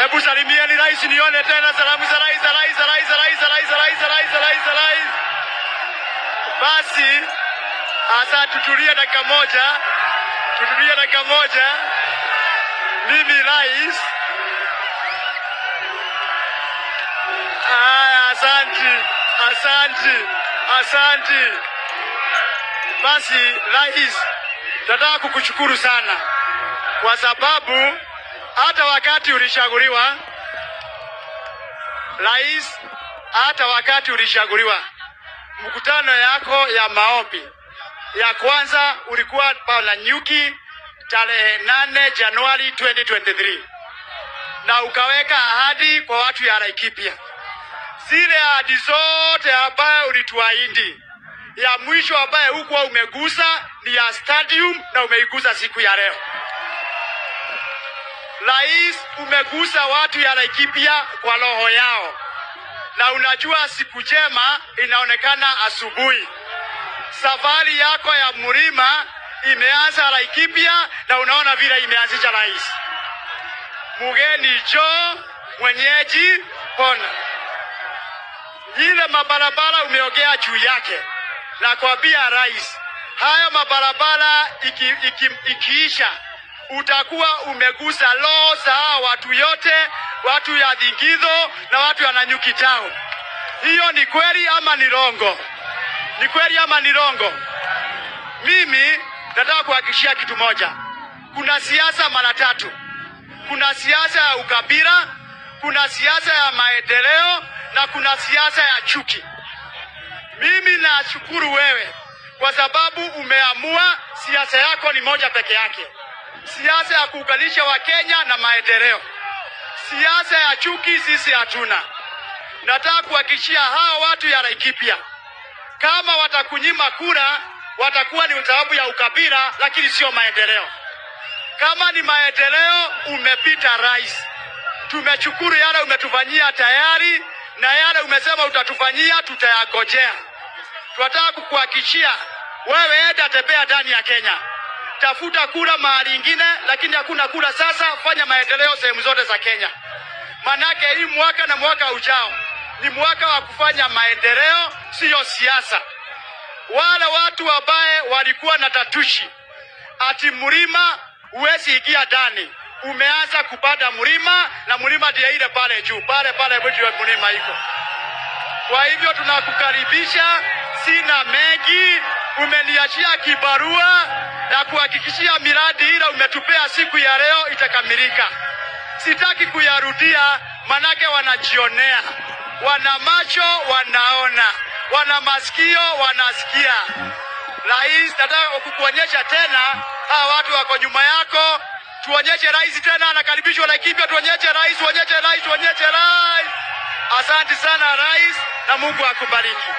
Hebu salimieni rais nione tena salamu za rais, rais, rais, rais, rais, rais, rais, rais, rais. Basi asa tutulie dakika moja, tutulie dakika moja. Mimi rais Haya, asanti, asanti, asanti. Basi rais, nataka kukushukuru sana kwa sababu hata wakati ulishaguliwa rais, hata wakati ulishaguliwa, mkutano yako ya maombi ya kwanza ulikuwa nyuki tarehe 8 Januari 2023 na ukaweka ahadi kwa watu ya Laikipia. Zile ahadi zote ambayo ulituahidi, ya mwisho ambaye hukuwa umegusa ni ya stadium na umeigusa siku ya leo. Rais, umegusa watu ya Laikipia kwa roho yao, na unajua siku njema inaonekana asubuhi. Safari yako ya mlima imeanza Laikipia, na unaona vile imeanzisha rais. mugeni jo mwenyeji pona. Ile mabarabara umeogea juu yake, na kuambia rais, haya mabarabara ikiisha iki, iki, iki utakuwa umegusa roho za watu yote, watu ya Thingizo na watu ya Nanyuki Town. Hiyo ni kweli ama ni rongo? Ni kweli ama ni rongo? Mimi nataka kuhakikishia kitu moja, kuna siasa mara tatu. Kuna siasa ya ukabila, kuna siasa ya maendeleo na kuna siasa ya chuki. Mimi nashukuru wewe kwa sababu umeamua siasa yako ni moja peke yake siasa ya kuunganisha Wakenya na maendeleo, siasa ya chuki sisi hatuna. Nataka kuhakikishia hawa watu ya Laikipia, kama watakunyima kura watakuwa ni sababu ya ukabila, lakini sio maendeleo. Kama ni maendeleo, umepita rais, tumechukuru yale umetufanyia tayari na yale umesema utatufanyia tutayagojea. Tunataka kukuhakikishia wewe, enda tembea ndani ya Kenya tafuta kura mahali ingine, lakini hakuna kura. Sasa fanya maendeleo sehemu zote za Kenya, manake hii mwaka na mwaka ujao ni mwaka wa kufanya maendeleo, siyo siasa. Wale watu ambaye walikuwa na tatushi ati mlima huwezi ingia ndani, umeanza kupanda mlima na mlima ndio ile pale juu pale pale, mlima iko. Kwa hivyo tunakukaribisha. Sina mengi, umeniachia kibarua na kuhakikishia miradi ile umetupea siku ya leo itakamilika. Sitaki kuyarudia, manake wanajionea, wana macho wanaona, wana masikio wanasikia. Rais, nataka kukuonyesha tena, hawa watu wako nyuma yako. Tuonyeshe rais tena, anakaribishwa kipya. Tuonyeshe rais, tuonyeshe rais, tuonyeshe rais. Asante sana rais, na Mungu akubariki.